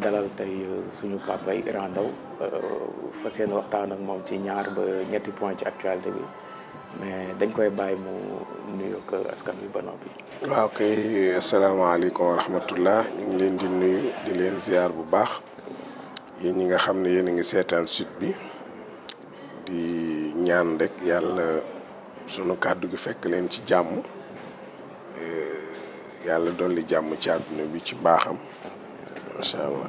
dalal tey euh, suñu papa Iran Ndao euh, fa yéene waxtaan ak moom ci ñaar ba ñetti point ci actualité bi mais dañ koy bàyyi mu nuyoog askan wi ba noppi. waaw kay asalaamaaleykum wa rahmatullah ñu ngi leen di nuyu di leen ziar bu baax yéen ñi nga xam ne yéen a ngi seetaan sit bi di ñaan rek yàlla sunu kàddu gi fekk leen ci jàmm euh, yàlla dolli jàmm ci àdduna bi ci mbaaxam. macha allah.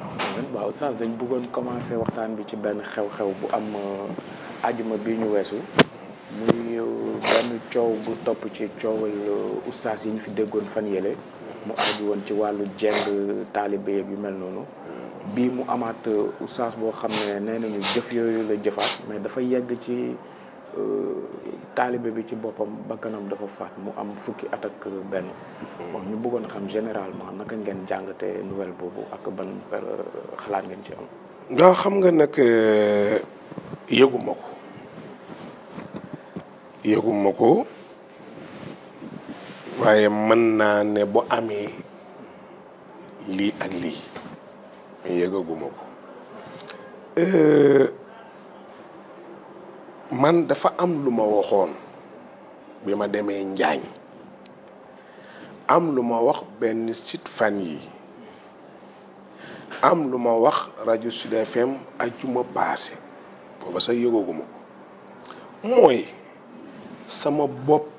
waaw Oustaz dañ bëggoon commencer waxtaan bi ci benn xew-xew bu am ajuma euh, bi ñu weesu muy euh, benn coow bu topp ci coowal euh, Oustaz yi ñu fi déggoon fan yële mu aju woon ci wàllu jeng taalibe bi mel noonu bii mu amaat Oustaz boo xam ne nee nañu jëf yooyu la jëfaat mais dafa yegg ci. talibe bi ci boppam bakkanam dafa faat mu am fukki at ak benn. bon ñu bëggoon a xam généralement naka ngeen jàngatee nouvelle boobu ak ban euh, xalaat ngeen ci am. nga xam nga nag euh, yëguma ko yëguma ko waaye mën naa ne bu amee lii ak lii yëgaguma ko. Euh, man dafa am lu ma waxoon bi ma demee Njaañ am lu ma wax benn site fan yi am lu ma wax rajo Sud FM ajuma paase booba sax yëgooguma ko mooy sama bopp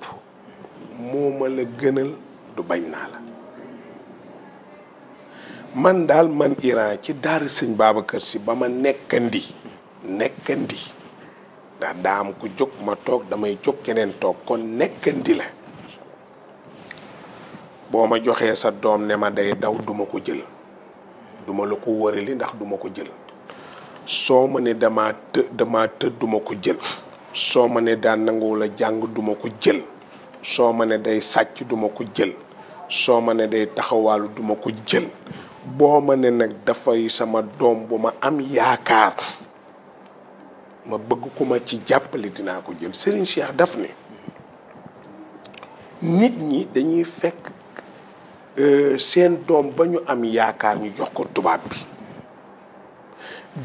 moo ma la gënal du bañ naa la man daal man Iran ci daara sëñ Babacar si ba ma nekkandi nekkandi daa am ko jóg ma toog damay jóg keneen toog kon nekkandi la boo ma joxee sa doom ne ma day daw duma ko jël duma la ko wërali ndax duma ko jël soo ma ne duma ko jël soo ma daan nanguwu jàng duma ko jël soo ma ne day sàcc duma ko jël soo ma ne day taxawaalu duma ko jël boo ma ne nag dafay sama doom bu ma am yaakaar ma bëgg ko ma ci jàppale dinaa ko jël Serigne Cheikh daf ne nit ñi dañuy fekk euh, seen doom ba ñu am yaakaar ñu jox ko tubaab bi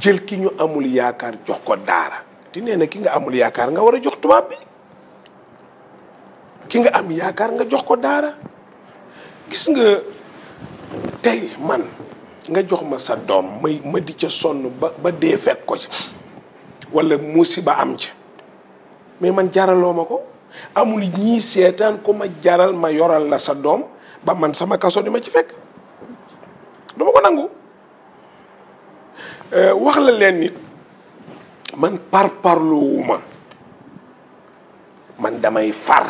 jël ki ñu amul yaakaar jox ko daara di nee na ki nga amul yaakaar nga war a jox tubaab bi ki nga am yaakaar nga jox ko daara gis nga tey man nga jox ma sa doom may ma di ca sonn ba dee fekk ko ci wala musiba am ca mais man jaraloo ma ko amul ñii seetaan ku ma jaral ma yoral la sa doom ba man sama kaso di ma ci fekk duma ko nangu euh, wax la leen nit man par parloowuma man damay far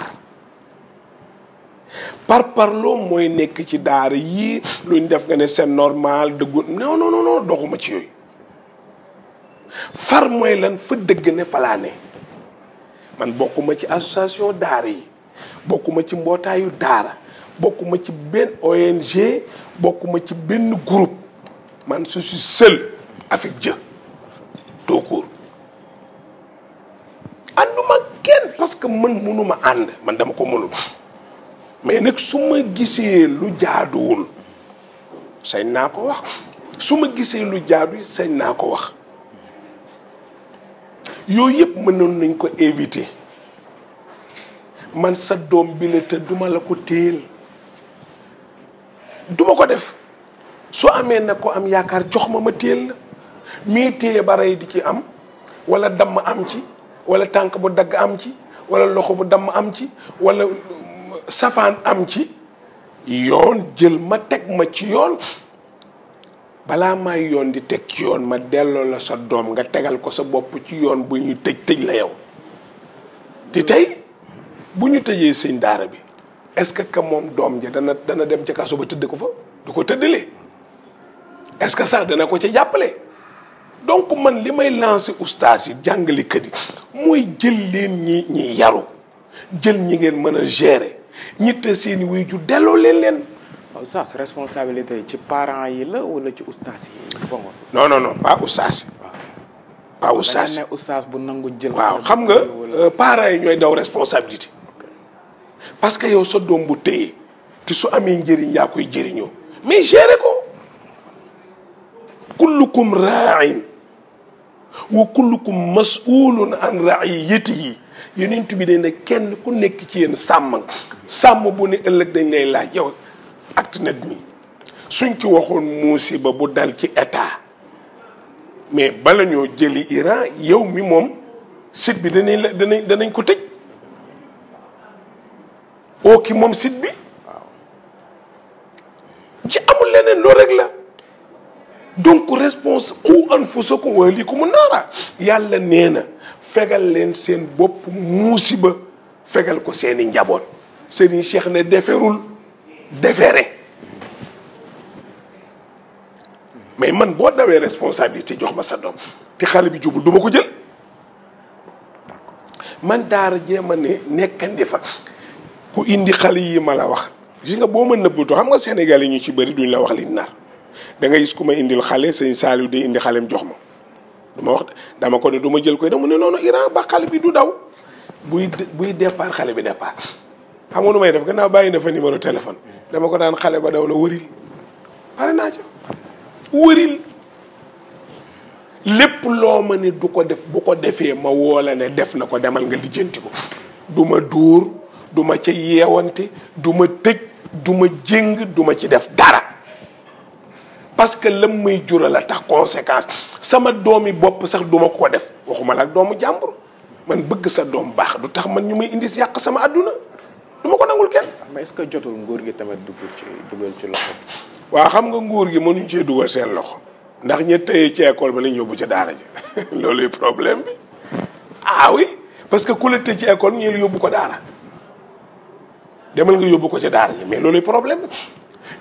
par parloo mooy nekk ci daara yii luñ def nga ne c'est normal dëggu non non non doxuma ci yooyu far mooy lan fa dëgg ne falaane man bokkuma ci association daara yi bokkuma ci mbootaayu daara bokkuma ci benn ONG bokkuma ci benn group man je suis seul avec Dieu tout ànduma kenn parce que man mënuma ànd man dama ko mënul mais nag su ma gisee lu jaaduwul sañ naa ko wax su ma gisee lu jaadu sañ naa ko wax yooyu yëpp mënoon nañ ko éviter man sa doom bi la te duma la ko téel duma ko def soo amee na ko am yaakaar jox ma ma teel la mii téye ba rey di ci am wala damm am ci wala tànk bu dagg am ci wala loxo bu damm am ci wala safaan am ci yoon jël ma teg ma ci yoon balaa may yoon di teg ci yoon ma delloo la sa doom nga tegal ko sa bopp ci yoon bu ñuy tëj tëj la yow te tey bu ñu tëjee sëñ daara bi est-ce que moom doom ja dana dana dem ca kaso ba tëdd ko fa du ko tëddalee est-ce que sax dana ko ca jàppale donc man li may lancer ustaas yi jàngalekat yi mooy jël leen ñi ñi yaru jël ñi ngeen mën a gérer ñitte seen i wuy ju delloo leen leen oustaz responsabilité yi ci parents yi la wala ci oustaz yi bongo non no non pas oustaz. pas oustaz bu nangu jël. waaw xam nga euh, parents yi ñooy daw responsabilité. parce que yow sa doom bu téye te su amee njëriñ yaa koy jëriñoo mais gérer ko. kullukum raain wa kullukum mas'ulun an raiyatihi yonent bi dañ na kenn ku nekk ci yenn sàmm sàmm bu ne ëllëg dañ lay laaj yow. acte nag mi suñ ci waxoon musiba bu dal ci état mais bala ñoo jëli Iran yow mi moom site bi danañ la danañ ko tëj oo ki moom site bi ci amul leneen loo rek la donc réponse qu lii ko ahlikum naara yàlla nee fegal leen seen bopp muusi ba fegal ko seeni njaboot seeni cheikh ne deferul déféré mais man boo dawee responsabilité jox ma sa doom te xale bi jubul duma ko jël man daara jéema ne nekkandi fa ku indi xale yi ma la wax gis nga boo ma nëbbatu xam nga Sénégal yi ñu ci bari duñ la wax liñ nar da nga gis ku ma indil xale sëñ Saliou di indi xaleem jox ma du ma wax dama ko ne du ma jël koy da mu ne noonu Iran ba xale bi du daw buy buy départ xale bi départ xam nga nu may def gannaaw bàyyi na fa numéro téléphone dama ko daan xale ba daw la wëril pare naa ca wëril lépp loo ma ne du ko def bu ko defee ma woola ne def na ko demal nga lijjanti ko du ma dóor du ma ca yeewante du ma tëj du ma jéng du ci def dara parce que lam may jural a tax conséquence sama doomi bopp sax duma ma ko def waxuma la ak doomu jàmbur man bëgg sa doom baax du tax man ñu may indi yàq sama àdduna est-ce que jotul nguur gi tamit dugg ci dugal ci loxo bi. waaw xam nga nguur gi mënuñ cee dugal seen loxo. ndax ña tëye ci école ba la yóbbu ca daara ji looluy problème bi ah parce que ku ci école ñii yóbbu ko daara demal nga yóbbu ko ca daara mais looluy problème bi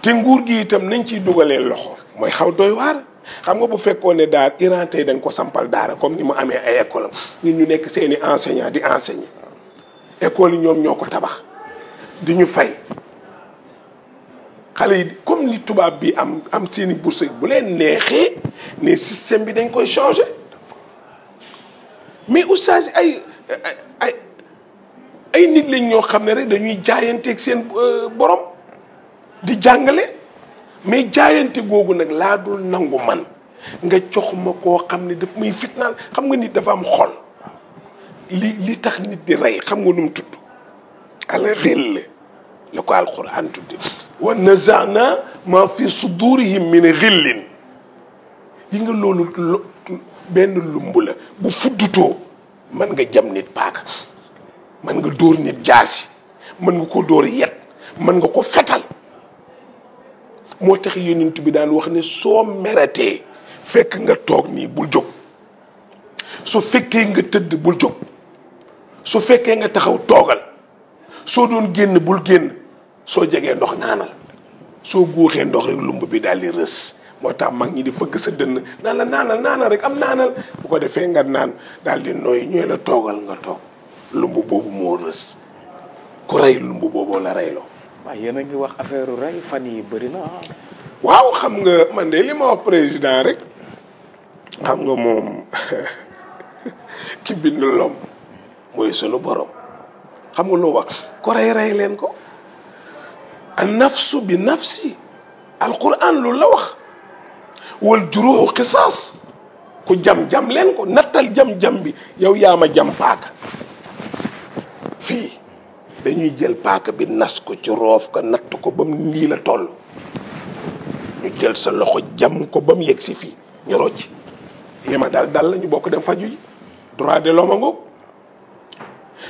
te nguur gi itam nañ ciy dugalee loxo mooy xaw doy waar xam nga bu fekkoon ne daara Iran tey da ko sampal daara comme ni mu amee ay école am ñun ñu nekk seeni enseignant di enseigner école yi ñoom ñoo ko tabax di ñu fay xale yi comme li tubaab bi am am seeni bourse bu leen neexee ne système bi dañ koy changé mais oustaz ay ay ay nit lañ ñoo xam ne rek dañuy jaayanteeg seen euh, borom di jàngale mais jaayante googu nag laa dul nangu man nga jox ma koo xam ne daf muy fitnaan xam nga nit dafa am xol li li tax nit di rey xam nga nu tudd alxill la ko alquran tudde wa nazana ma fi sudurihim min xillin yi nga loolu benn lumb la bu fuddutoo mën nga jam nit paaka mën nga dóor nit jaasi mën nga ko dóor yet mën nga ko fetal moo tax yonent bi daan wax ne soo meretee fekk nga toog nii bul jóg su fekkee nga tëdd bul jóg su fekkee nga taxaw toogal soo doon génn bul génn soo jegee ndox naanal soo góoxee ndox rek lumb bi daal di rës moo tax mag ñi di fëgg sa dënn naan naanal naanal rek am naanal bu ko defee nga naan dal di nooy ñooy la toogal nga toog lumb boobu moo rës ku rey lumb booboo la reyloo. waaw wax affaire rey fan yi bëri na waaw xam nga man de li ma wax président rek xam nga moom ki bind lom mooy sunu borom. xam nga lu wax ko rey rey leen ko an nafsu bi nafsi alquran loolu la wax wal juruuxu xisaas ku jam-jam leen ko nattal jam-jam bi yow yaama jam paaka fii dañuy jël paaka bi nas ko ci roof ko natt ko ba mu nii la toll ñu jël sa loxo jam ko ba mu yegg si fii ñu rocc li ma dal dal la ñu bokk dem faju ji droit de l'homme ngoog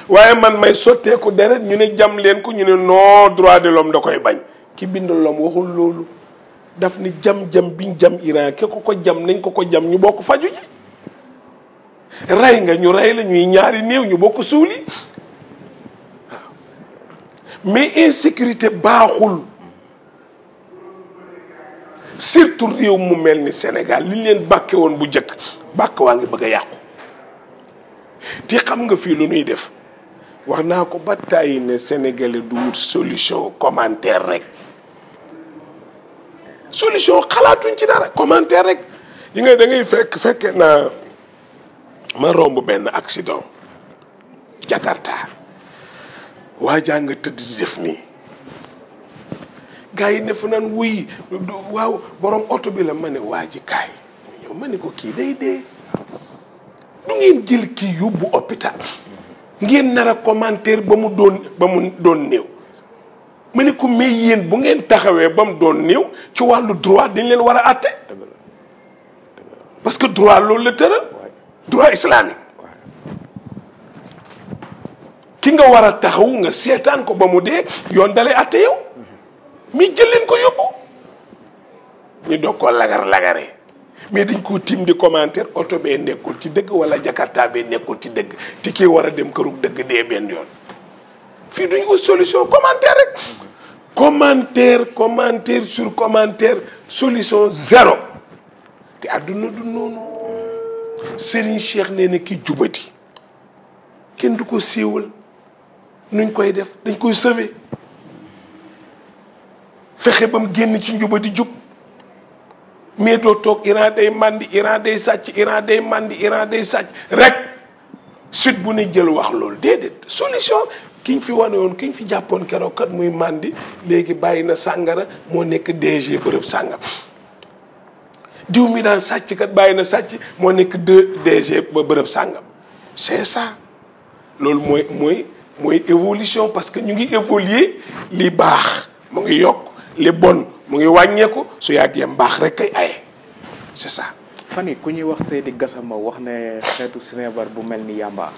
waaye man may sotteeku deret ñu ne jam leen ko ñu ne non droit de l'homme da koy bañ ki bind l'homme waxul loolu daf ni jam-jam biñ jam Iran ke ko ko jam nañ ko ko jam ñu bokk faju ji rey nga ñu rey lañuy ñuy ñaari néew ñu bokk suuli waaw mais insécurité baaxul surtout réew mu mel ni Sénégal li leen bàkke woon bu njëkk bàkk waa ngi bëgg a yàqu te xam nga fii lu ñuy def wax naa ko ba tàyyi ne sénégalais du wut solution commentaire rek solution xalaatuñ ci dara commentaire rek yi nga dangay fekk fekke naa ma romb benn accident Jakarta waa jaa nga tëdd di def nii gars yi ne fu naan wuy waaw borom oto bi la ma ne waa ji ñëw ma ko kii day dee du ngeen jël kii yóbbu hôpital ngeen nar a commentaire ba mu doon ba mu doon néew ma ne ko mais yéen bu ngeen taxawee ba mu doon néew ci wàllu droit dañ leen war a àtte parce que droit loolu la tëral droit islamique ki nga war a taxaw nga seetaan ko ba mu dee yoon dalay àtte yow mi jël leen ko yóbbu ñu doog koo lagar lagaree mais dañ koo tiim di commentaire oto bee nekkul ci dëgg wala jakarta bee nekkul ci dëgg te kii war a dem kërug dëgg dee benn yoon fii duñ ut solution commentaire rek commentaire commentaire sur commentaire solution zéro te àdduna du noonu Serigne Cheikh nee ki jubati kenn du ko siiwal nuñ koy def dañ koy sauver fexe ba mu génn ci njubati jub mais doo toog Iran day màndi Iran day sàcc Iran day màndi Iran day sàcc rek sud bu ne jël wax loolu déedéet solution ki fi wane woon ki fi jàppoon keroog kat muy màndi léegi bàyyi na sàngara moo nekk DG bërëb sàngam diw mi daan sàcc kat bàyyi na sàcc moo nekk DG ba bërëb sàngam c'est ça loolu mooy mooy mooy évolution parce que ñu ngi évoluer li baax mu ngi yokk li bon mu ngi wàññeeku su yàggee mbaax rek ay aye c'est ça. fan yi ku ñuy wax Seydi ma wax ne xeetu sineebar bu mel ni yàmba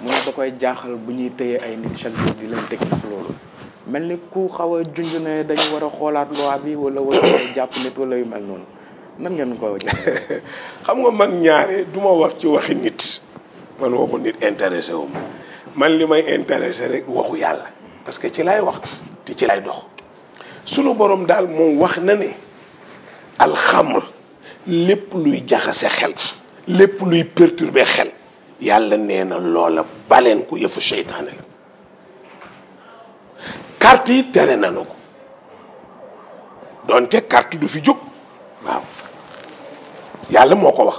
mu ne da koy jaaxal bu ñuy tëye ay nit chaque jour di leen teg ndax loolu mel ni ku xaw a junj ne dañu war a xoolaat loi bi wala wala jàpp nit wala yu mel noonu nan ngeen ko jàppee. xam nga mag ñaare du ma wax ci waxi nit man waxu nit intéressé wu man li may intéressé rek waxu yàlla parce que ci laay wax te ci laay dox. sunu borom daal moom wax na ne alxamr lépp luy jaxase xel lépp luy perturber xel yàlla nee na loola baleen ku yëfu seytaane la carte yi tere nanu ko doonte carte du fi jóg waaw yàlla moo ko wax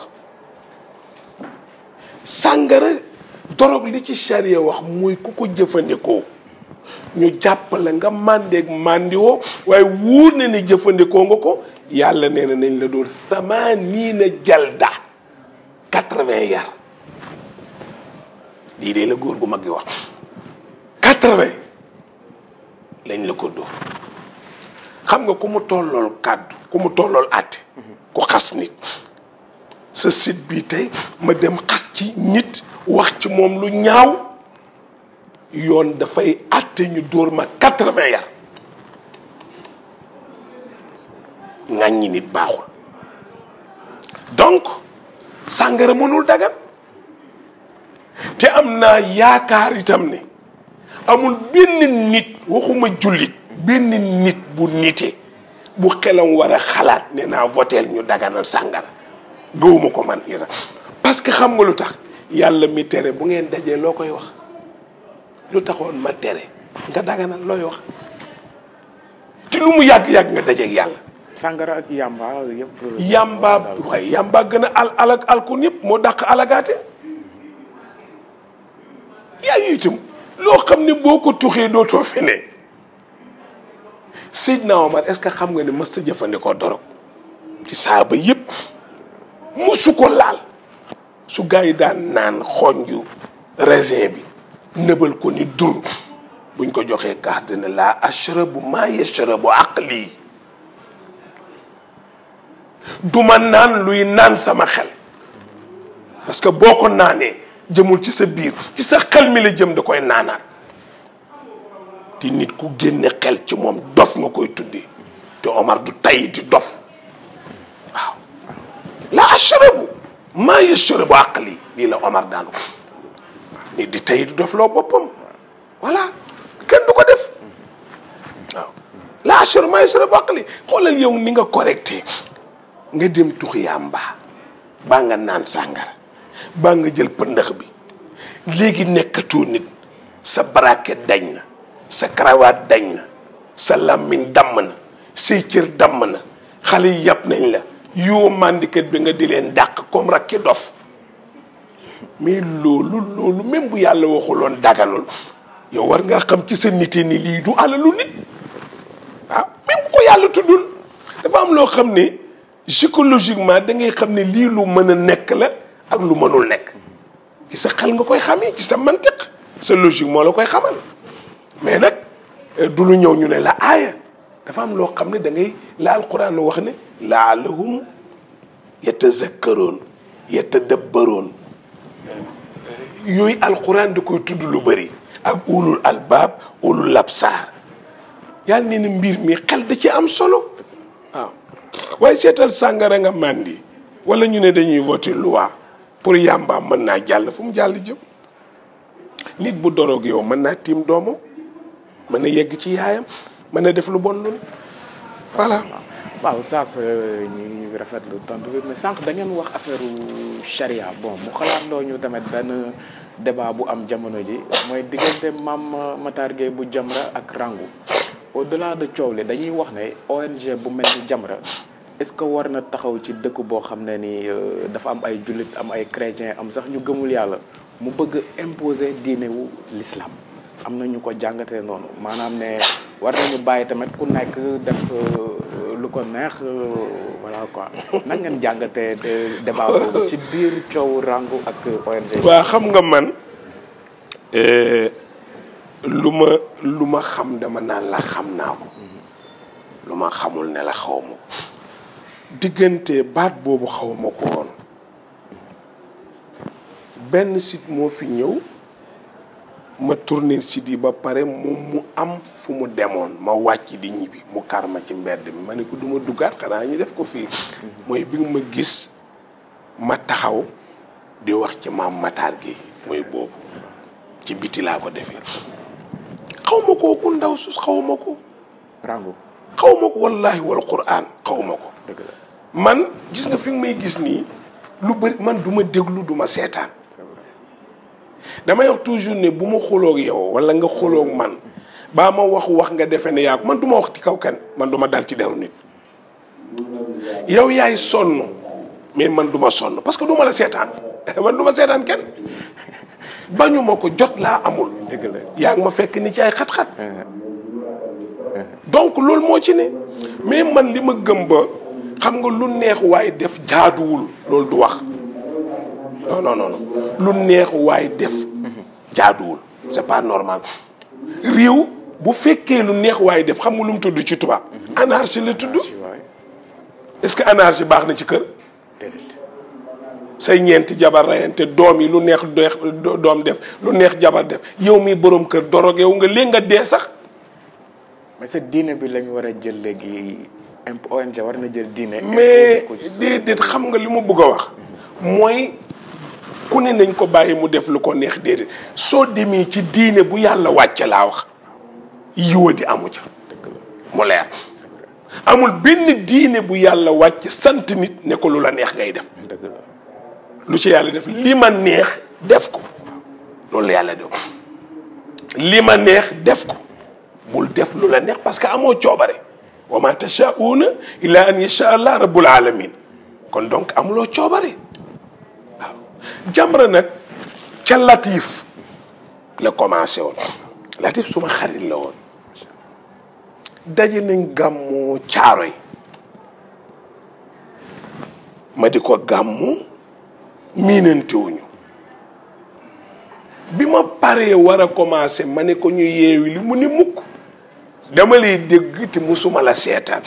sàngara dorog li ci charia wax muy ku ko jëfandikoo ñu jàppale nga màndeeg màndiwoo waaye wuur na ni jëfandikoo nga ko yàlla nee na nañ la dóor sama nii na jalda quatre-vingts yar lii dee la góor gu mag gi wax quatre-vingts lañ la ko dóor xam nga ku mu tollool kàddu ku mu tollool àtte ku xas nit sa site bii tey ma dem xas ci nit wax ci moom lu ñaaw yoon dafay àtte ñu dóor ma quatre-vingts yar ŋàññi nit baaxul donc sàngara mënul dagan te am naa yaakaar itam ne amul benn nit waxuma jullit benn nit bu nite bu xelam war a xalaat ne naa voteel ñu daganal sàngara gëwuma ko man itam parce que xam nga lu tax yàlla mi tere bu ngeen dajee loo koy wax lu taxoon ma tere nga daganal looy wax ci lu mu yàgg-yàgg nga dajeeg yàlla sàngara ak yàmba yëpp yàmba waaye yàmba gën a al alak alkun yëpp moo dàq alagaate yaa ngi loo xam ne boo ko tuxee dootoo fenee Seydina Omar est-ce que xam nga ne mës ta jëfandikoo dorog ci saaba yëpp musu ko laal su gars yi daan naan xonju raisin bi nëbal ko ni dur buñ ko joxee kaas dina laa ashrabu maa yashrabu aqli du ma naan luy naan sama xel parce que boo ko naanee jëmul ci sa biir ci sa xel mi la jëm da koy naanaat ti nit ku génne xel ci moom dof nga koy tuddee te Omar du tay di dof waaw la ashrabu maa yashrabu aqli lii la Omar daanu nit di tey du def loo boppam voilà kenn du ko def waaw laasur maysur baqli xoolal yow ni nga correcté nga dem tux yàmba baa nga naan sàngara baa nga jël pëndax bi léegi nekkatoo nit sa braquet dañ na sa cravate dañ na sa làmmiñ damm na say cër damm na xale yi yàpp nañ la yoo mandikat bi nga di leen dàq comme rakki dof mais loolu loolu même bu yàlla waxuloon daganul yow war ngaa xam ci sa nite ni lii du alalu nit waaw ah, même bu ko yàlla tuddul dafa am loo xam ne psychologiquement da xam ne lii lu mën a nekk la ak lu mënul nekk ci sa xel nga koy xamee ci sa mantiq sa logique moo la koy xamal mais nag euh, du lu ñëw ñu ne la aaya dafa am loo xam ne da ngay la alquran wax ne laalahum yatazakkaroon yatadabbaroon yooyu alxuraan da koy tudd lu bari ak ulul albaab ulul labsaar yàlla nee mbir mi xel da ci am solo waaw waaye seetal sàngara nga màndi wala ñu ne dañuy voter loi pour yàmba mën naa jàll fu mu jàll jëm nit bu doroog yow mën naa tiim doomam mën na yegg ci yaayam mën na def lu bon lu ne voilà waaw saas euh, ñuy rafetlu tontu bi mais sànq da ngeen wax affaire charia bon mu xalaat loo ñu tamit benn débat bu am jamono ji mooy diggante maam Matar Gueye bu Jamra ak Rangou au delà de coow li dañuy wax ne ONG bu mel ni Jamra est-ce que war na taxaw ci dëkk boo xam ne ni euh, dafa am ay jullit am ay chrétien am sax ñu gëmul yàlla mu bëgg imposer diine wu am na ñu ko jàngatee noonu maanaam ne war nañu bàyyi tamit ku nekk def euh, lu ko neex euh, voilà quoi nan ngeen jàngatee débat boobu ci biir coow Rangou ak ONG. waaw xam nga man euh, lu ma lu ma xam dama naan la xam naa ko lu ma xamul ne la xaw ma ko diggante baat boobu xaw ma ko woon benn site moo fi ñëw. ma tourner si di ba pare moom mu am fu mu demoon ma wàcc di ñibbi mu kar ma ci mbedd mi ma ne ko duma ma duggaat xanaa ñu def ko fii mooy bi ma gis ma taxaw di wax ci maam Matar gi mooy boobu ci biti laa ko defee xaw ma ndaw sus xawma ko rango xaw ma ko wallaahi wal quraan xaw ma ko man gis nga fi may gis nii lu bëri man duma déglu duma seetaan damay wax toujours ne bu ma xoloog yow wala nga xoloog man baa ma wax wax nga defe ne yaa ko man du ma wax ci kaw kan man du ma dal ci dew nit yow yaay sonn mais man du ma sonn parce que du ma la seetaan man du ma seetaan kenn bañuma ko jot laa amul yaa ngi ma fekk ni ci ay xat-xat uh-huh. Uh-huh. donc loolu moo ci ne mais man li ma gëm ba xam nga lu neex waaye def jaaduwul loolu du wax non non non lu neex waay def jaaduwul c'est pas normal réew bu fekkee lu neex waay def xam nga lu mu tudd ci tubaab anarchie la tudd est-ce que anarchie baax na ci kër say ñeenti jabar rayante doom domi lu neex dom doom def lu neex jabar def yow mi boroom kër dorog yow nga léegi nga dee sax mais sa diine bi lañ war a jël léegi ONG war na jël diine mais déedéet xam nga li ma bëgg a wax mooy ku ne nañ ko bàyyi mu def lu ko neex déedéet soo demee ci diine bu yàlla wàcce laa wax yiwa di amu ca mu leer amul benn diine bu yàlla wàcc sant nit ne ko lu la neex ngay def lu ci yàlla def li ma neex def ko loolu yàlla def li ma neex def ko bul def lu la neex parce que amoo coobare wa ma tashauna illa an yasha allah rabbul alamin kon donc amuloo coobare Jamra nag ca Latif la commencé woon Latif suma xarit la woon daje nañ gàmmu caaro yi ma di ko gàmmu miinantewuñu bi ma paree war a commencé ma ne ko ñu yeewi li mu ni mukk dama lay dégg te musuma la seetaan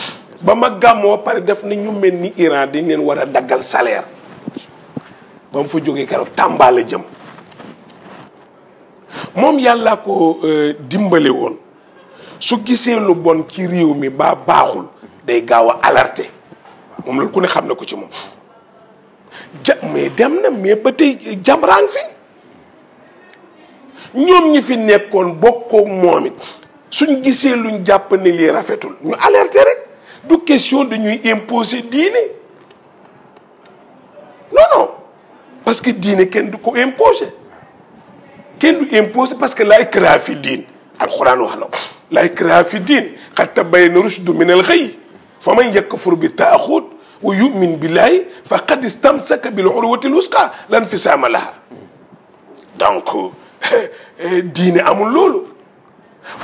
ba ma gàmmoo pare def na ñu mel ni Iran dañ leen war a daggal salaire ba mu fa jógee keroog Tamba la jëm moom yàlla ko euh, dimbale woon su gisee lu bon ci réew mi baa baaxul day gaaw a alerté moom loolu ku ne xam na ko ci moom ja mais dem na mais ba tey jamraan fi ñoom ñi fi nekkoon bokkoo moom it suñ gisee luñ jàpp ne rafetul ñu alerté rek du question dañuy imposer diine non parce que diine kenn du ko imposer kenn du imposer parce que laay kiraa fi diin alxuraan wax na ko laay kiraa fi diin xat tabayyana rushdu min al-ghayy fa man yakfur bi taaxut wa yumin billahi faqad istamsaka bil urwati l-wusqa lan fisaama laha donc diine amul loolu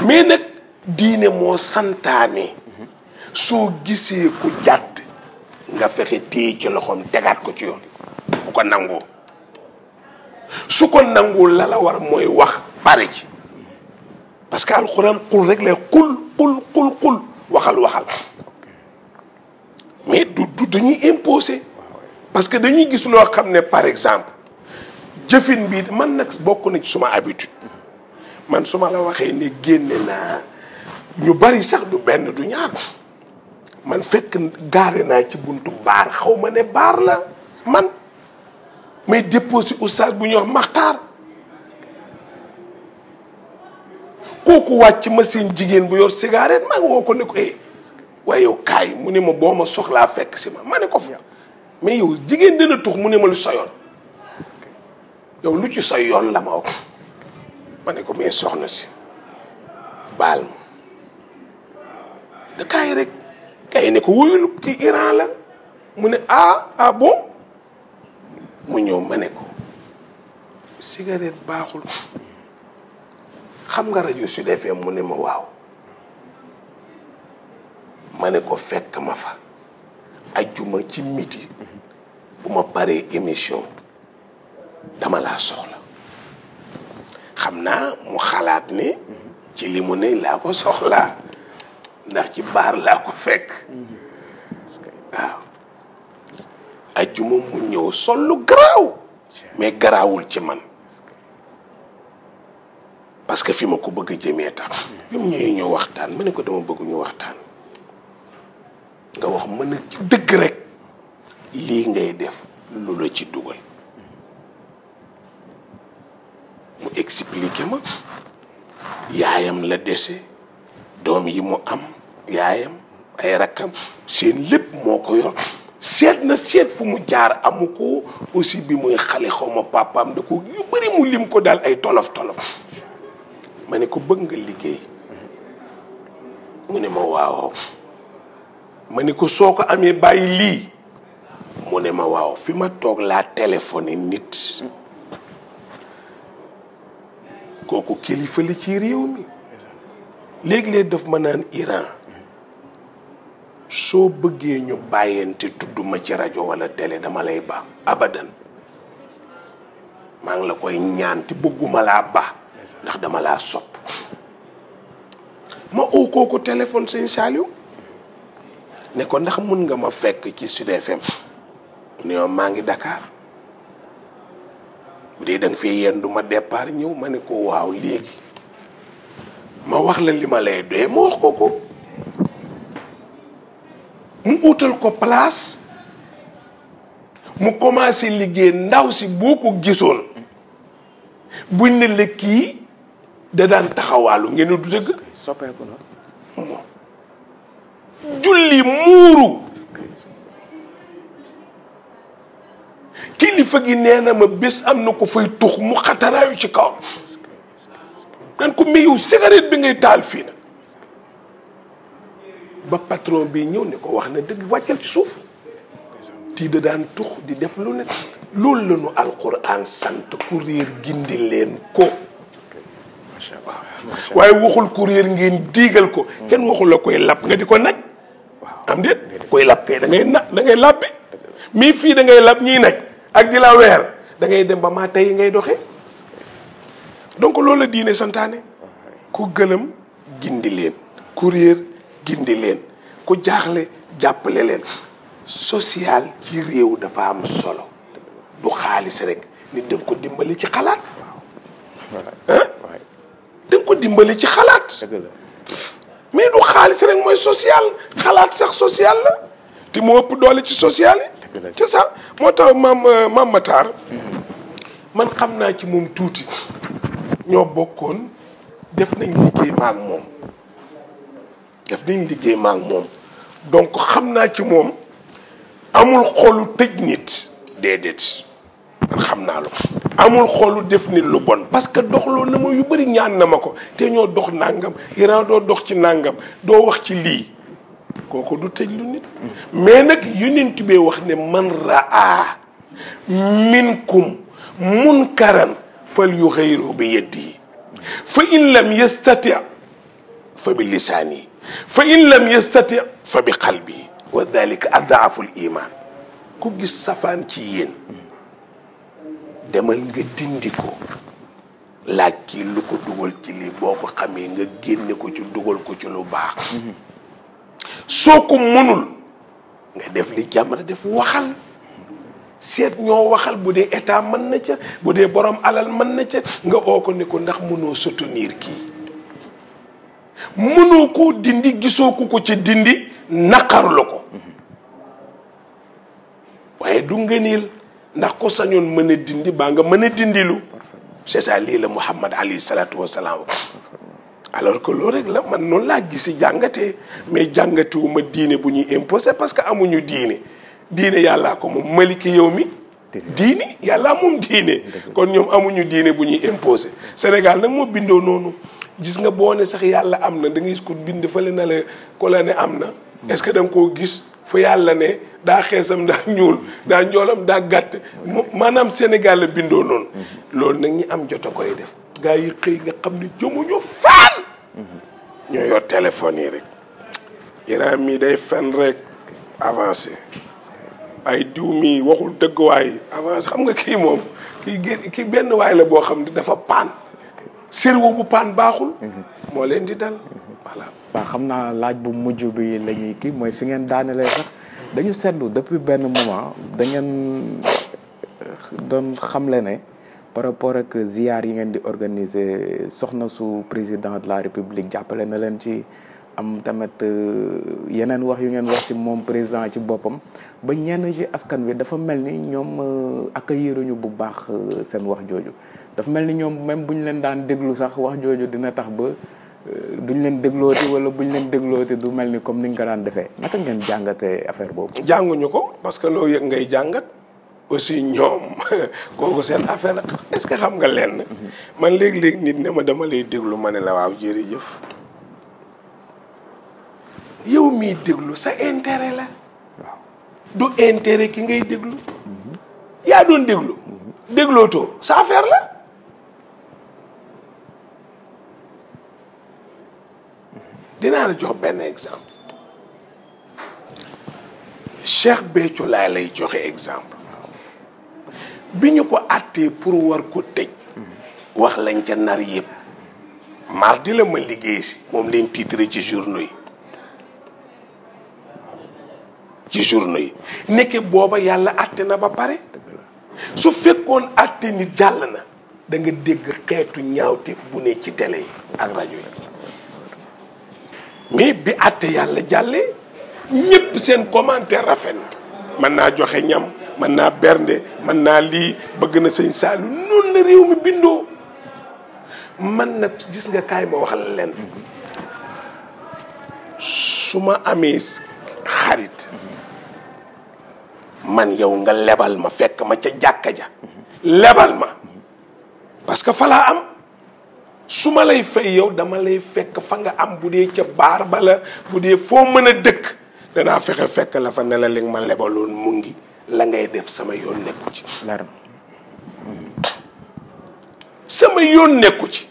mais nag diine moo santaane soo gisee ku jàdd nga fexe téye ci loxoom tegaat ko ci yoon bu ko nangoo su ko nanguwul la la war mooy wax pare ci parce que alxuraan xul rek lay xul xul xul waxal waxal mais du du dañuy imposer parce que dañuy gis loo xam ne par exemple jëfin bi man nag bokk na ci suma habitude man su ma la waxee ne génne naa ñu bari sax du benn du ñaar man fekk gaare naa ci buntu baar xaw ma ne baar la man may déposé oustaz bu ñuy wax maxtaar kooku wàcc ma seen jigéen bu yor cigarette maa woo ko ne ko eh waaye yow kaay mu ne ma boo ma soxlaa fekk si ma ma ne ko fa mais yow jigéen dina tux mu ne ma lu soyoon yow lu ci soy yoon la ma wax ma ne ko mais soxna si baal ma da kaay rek kaay ne ko wuyul ki Iran la mu ne ah ah bon mu ñëw ma ne ko cigarette baaxul xam nga rajo Sud FM mu ne ma waaw ma ne ko fekk ma fa ajjuma ci miti bu ma paree émission dama laa soxla xam naa mu xalaat ne ci li mu ne laa ko soxlaa ndax ci baar laa ko fekk mm-hmm. waaw ajjuma mu ñëw sol lu garaaw mais garaawul ci man parce que fi ma ko bëgg a jëmee tax bi mu ñëwee ñu waxtaan ma ne ko dama bëgg ñu waxtaan nga wax mën a dëgg rekk lii ngay def lu la ci dugal mu expliqué ma yaayam la dese doom yi mu am yaayam ay rakkam seen lépp moo ko yor seet na seet fu mu jaar amu ko aussi bi muy xale xawma papaam da ko yu bari mu lim ko daal ay tolof tolof ma ne ko bëgg nga liggéey mu ne ma waaw ma ne ko soo ko amee bàyyi lii mu ne ma waaw fi ma toog laa téléphoné nit kooku kilifa li ci réew mi léegi léeg daf ma naan Iran soo bëggee ñu bàyyante tudduma ci rajo wala télé dama lay ba abadan maa ngi la koy ñaanti bëgguma laa ba ndax dama laa sopp ma oo kooku téléphone sëñ ne ko ndax mun nga ma fekk ci Sud FM ne maa ngi Dakar bu dee da nga fee yenn du ma ñëw ma ne ko waaw léegi ma wax la li ma lay doyee ma wax ko ko mu utal ko palaas mu commencé liggéey ndaw si boo ko gisoon buñ ne la yi da daan taxawaalu ngeen du dëgg. soppeeku na. julli muuru. kilifa gi nee na ma bés am na ko fay tux mu xataraayu ci kaw. nan ko mais yow bi ngay taal fii na ba patron bi ñëw ne ko wax na dëgg wàccal ci suuf tii da daan tux di def lu ne loolu la ñu alquran sant ku réer gindi leen ko waaye waxul ku ngeen diigal ko hmm. kenn waxul la koy làpp nga di ko naj am déet koy làpp kay dangay ngay na da ngay làppe fii da ngay làpp ñiy naj ak di la weer da ngay dem ba ma tey ngay doxe donc loolu la diine santaane ku gëlëm gindi leen ku gindi leen ku jaaxle jàppale leen social ci réew dafa am solo du xaalis rek nit danga ko dimbali ci xalaat danga ko dimbali ci xalaat mais du xaalis rek mooy social xalaat sax social la te moo ëpp doole ci social yi ca sax moo tax maam euh, maam Matar man xam naa ci moom tuuti ñoo bokkoon def nañ liggéey moom daf nañ liggéey maak moom donc xam naa ci moom amul xolu tëj nit déedéet man xam naa lu amul xolu def nit lu bon parce que doxloo na ma yu bëri ñaan na ma ko te ñoo dox nangam Iran doo dox ci nangam doo wax ci lii kooku du tëj lu nit mais nag yonent bee wax ne man raa minkum munkaran fal yughayyiru bi yadihi fa in lam yastati fa bi lisaanihi fa in lam yastati fa bi qalbi wa dalika addaaful iman ku gis safaan ci yéen demal nga dindi ko laaj kii lu ko dugal ci li boo ko xamee nga génne ko ci dugal ko ci lu baax soo ko mënul nga def li jàmm def waxal seet ñoo waxal bu dee état mën na ca bu dee borom alal mën na ca nga oo ko ni ko ndax mënoo soutenir kii mënoo koo dindi gisoo ku ko ci dindi naqaru la ko waaye du ngëneel ndax ko sañoon mën a dindi baa nga mën a dindilu c'est lii la Muhammad alayhi salaatu wasalaam alors que loolu la man noonu laa gisi jàngatee mais jàngatewuma diine bu ñuy imposé parce que amuñu diine diine yàllaa ko moom maliki yow mi diine yàllaa moom diine kon ñoom amuñu diine bu ñuy imposé Sénégal nag moo bindoo noonu gis nga boo ne sax yàlla am na da nga gis ko bind fële na la ko la ne am na est-ce que da koo gis fu yàlla ne daa xeesam daa ñuul daa njoolam daa gàtt maanaam Sénégal la bindoo noonu loolu nag ñi am jot a koy def gaa yi nga xam ne jëmuñu faan ñoo yor téléphone yi rek Iran mii day fen rek avancé ay diw mii waxul dëgg waay xam nga kii moom kii génn kii benn waay la boo xam ne dafa paan cerveau bu paan baaxul. Mhm. moo leen di dal mhm. voilà. xam naa laaj bu mujj bi lañuy kii mooy fi ngeen daanelee sax dañu seetlu depuis benn moment da ngeen euh, doon xamle ne par rapport ak ziar yi ngeen di organiser soxna su président de la république jàppale na leen ci. am tamit euh, yeneen wax yu ngeen wax ci moom président ci boppam ba ñenn ci askan wi dafa mel ni ñoom euh, accueilliruñu bu baax seen wax jooju dafa melni ñom même bu leen daan déglu sax wax jooju dina tax ba euh, duñ leen déglooti wala buñ leen déglooti du melni comme niñ ko daan defee naka ngeen jangaté affaire bobu jangu ñuko parce que loo ngay jangat aussi ñom koku sen affaire est ce que xam nga lenn. Mhm. man léeg-léeg nit ne dama lay déglu mané la waw jëri jëf yow mi déglu sa intérêt la. du intérêt ki ngay déglu. ya doon déglu. Mhm. to sa affaire la. dinaa la jox benn exemple Cheikh Béthio laa lay joxe exemple bi ñu ko àttee pour war ko tëj wax lañ ca nar yëpp mardi la ma liggéey si moom leen titre ci journaux ci journaux yi nekke booba yàlla àtte na ba pare su fekkoon àtte nit jàll na da dégg xeetu ñaawteef bu ne ci tele yi ak rajo yi mais bi àtte yàlla jàllee ñëpp seen commentaire rafet na mën naa joxe ñam mën naa bernde mën naa lii bëgg na sëñ Saalu noonu la réew mi bindoo man nag gis nga kaay ma wax la leen su ma amee xarit man yow nga lebal ma fekk ma ca jàkka ja lebal ma parce falaa am su ma lay fay yow dama lay fekk fa nga am bu dee ca baar bala bu dee foo mën a dëkk danaa fexe fekk la fa ne la li ma lebaloon mu ngi la ngay def sama yoon nekku ci sama yoon nekku ci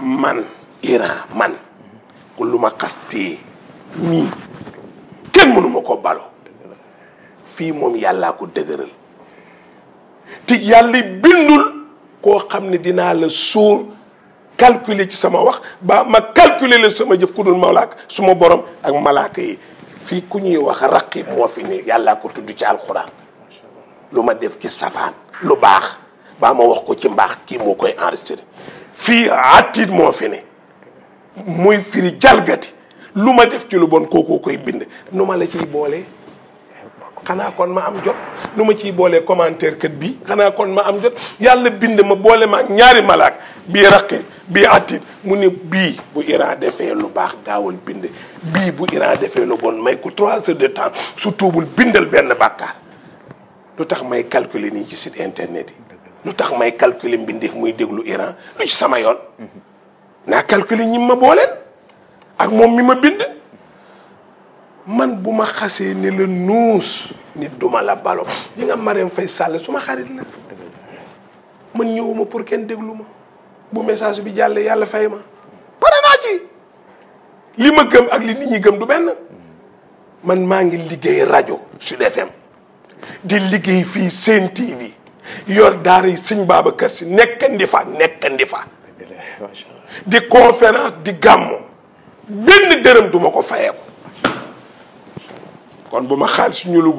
man Iran man ku lu ma xastee mii kenn mënuma ko baloo fii moom yàllaa ko dëgëral te yàlla bindul koo xam ne dinaa la suur calculer ci sama wax ba ma calculer la sama jëf ku dul malaaka su ma borom ak malaaka yi fii ku ñuy wax raqib moo fi ni yàllaa ko tudd ci alxuraan lu ma def ci safaan lu baax baa ma wax ko ci mbaax kii moo koy enregistré fii atiit moo fi ne muy firi jalgati lu ma def ci lu bon kookoo koy bind nu ma la ciy boolee xanaa kon ma am jot nu ma ciy boolee commentaire kët bi xanaa kon ma am jot yàlla bind ma boole ma ak ñaari malaak bii raqit bii attit mu ni bii bu Iran defee lu baax gaawal bind bii bu Iran defee lu bon may ko trois heures de temps su tuubul bindal benn bàkkaar lu tax may calculer nii ci site internet yi lu tax may calculer mbindeef muy déglu Iran lu ci sama yoon naa calculer ñi ma booleen ak moom mi ma bind man bu ma xasee ni la nuus ni duma la balo yi nga Marème Faye Sall su ma xarit la man ñëwuma pour kenn déglu ma bu message bi jàllee yàlla fay ma pare naa li ma gëm ak li nit ñi gëm du benn man maa ngi liggéey rajo Sud FM di liggéey fii Sen TV yor daara yi sëñ Babacar Si nekkandi fa nekkandi fa di conférence di gàmmu benn dërëm duma ko fayee kon bu ma xaalis ñu lu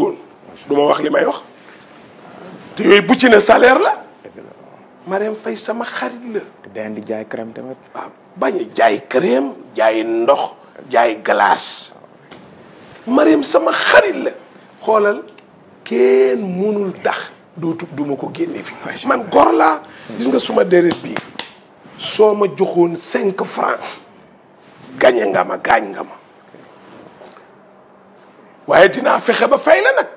du ma wax li may wax te yooyu bu ci ne salaire la. Marème Faye sama xarit la. te daan jaay crème tamit. a jaay crème jaay ndox jaay galaas Marème sama xarit la xoolal kenn mënul tax. dootul du ma ko génne fii. man gor laa. gis nga suma deret bii soo ma joxoon cinq francs gañe nga ma gaañ nga ma. waaye dinaa fexe ba fay la nag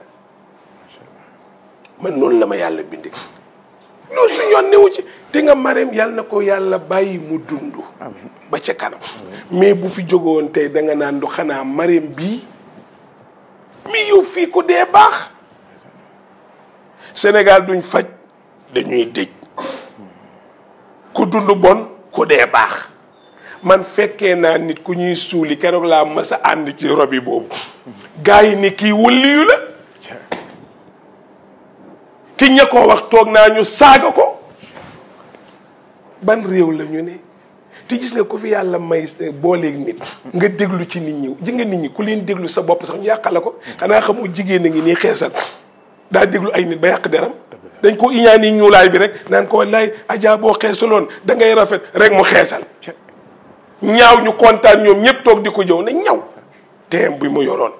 mën noonu la ma yàlla bindee loolu su ñoon newu ci te nga mareem yàlla na ko yàlla bàyyi mu dund ba ca kanam mais bu fi jógoon tey danga naan du xanaa mareem bii mi yow fii ku dee baax Sénégal duñ faj dañuy dëj ku dund bon ku dee baax man fekkee naa nit ku ñuy suuli keroog laa mas ànd ci robi boobu gaa yi ni kii wëlliyu la ti ña ko wax toog naa ñu saaga ko ban réew la ñu ne te gis nga ku fi yàlla may booleeg nit nga déglu ci nit ñi ji nit ñi ku leen déglu sa bopp sax ñu yàqale ko xanaa xamoo jigéen a ngi nii xeesal daa déglu ay nit ba yàq deram dañ ko iñaan yi ñuulaay bi rek naan ko wallaay ajaa boo xeesaloon da ngay rafet rek mu xeesal ñaaw ñu kontaan ñoom ñëpp toog di ko jëw ne ñaw teem bi mu yoroon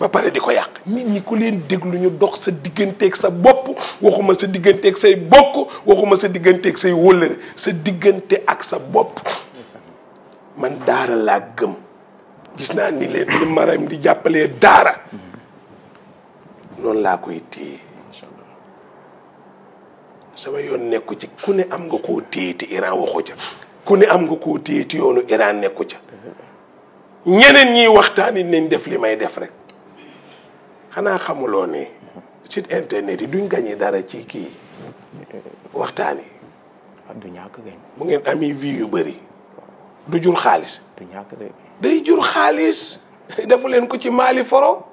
ba pare di ko yàq nit ñi ku leen déglu ñu dox sa digganteeg sa bopp waxuma sa digganteeg say bokk waxuma sa digganteeg say wóllëre sa diggante ak sa bopp man daara laa gëm gis naa ni leen li maram di jàppalee daara noonu laa koy téye sama yoon nekku ci ku ne am nga koo téye te Iran waxu ca ku ne am nga koo téye ci yoonu Iran nekku ca ñeneen ñiy waxtaan it nañ def li may def rek xanaa xamuloo ne site internet yi duñ gañe dara ci kii waxtaan yi. du ñàkk gañ bu ngeen amee vie yu bari du jur xaalis. du ñàkk de. day jur xaalis defu leen ko ci maali foro.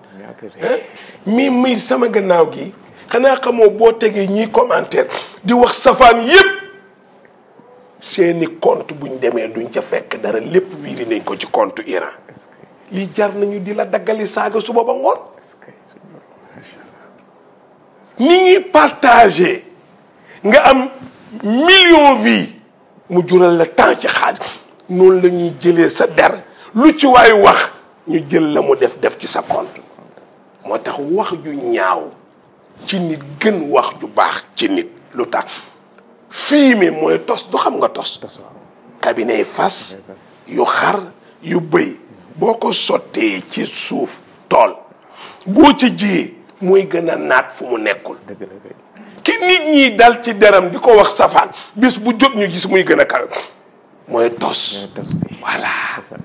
mi mi sama gannaaw gi xanaa xamoo boo tegee ñiy commentaire di wax safaan yépp seeni compte buñ demee duñ ca fekk dara lépp wiiri nañ ko ci compte Iran li jar nañu di la daggali saaga suba ba ngoon ni ñuy partagé nga am million vie mu jural la temps ci xaalis noonu la ñuy jëlee sa der lu ci waay wax ñu jël la mu def def ci sa compte moo tax wax ju ñaaw ci nit gën wax ju baax ci nit lu tax fumier mooy tos du xam nga tos cabinet yi fas yu xar yu bëy boo ko sottee ci suuf tool boo ci jiyee muy gën a naat fu mu nekkul ki nit ñi dal ci deram di ko wax safaan bis bu jóg ñu gis muy gën a kawe mooy tos voilà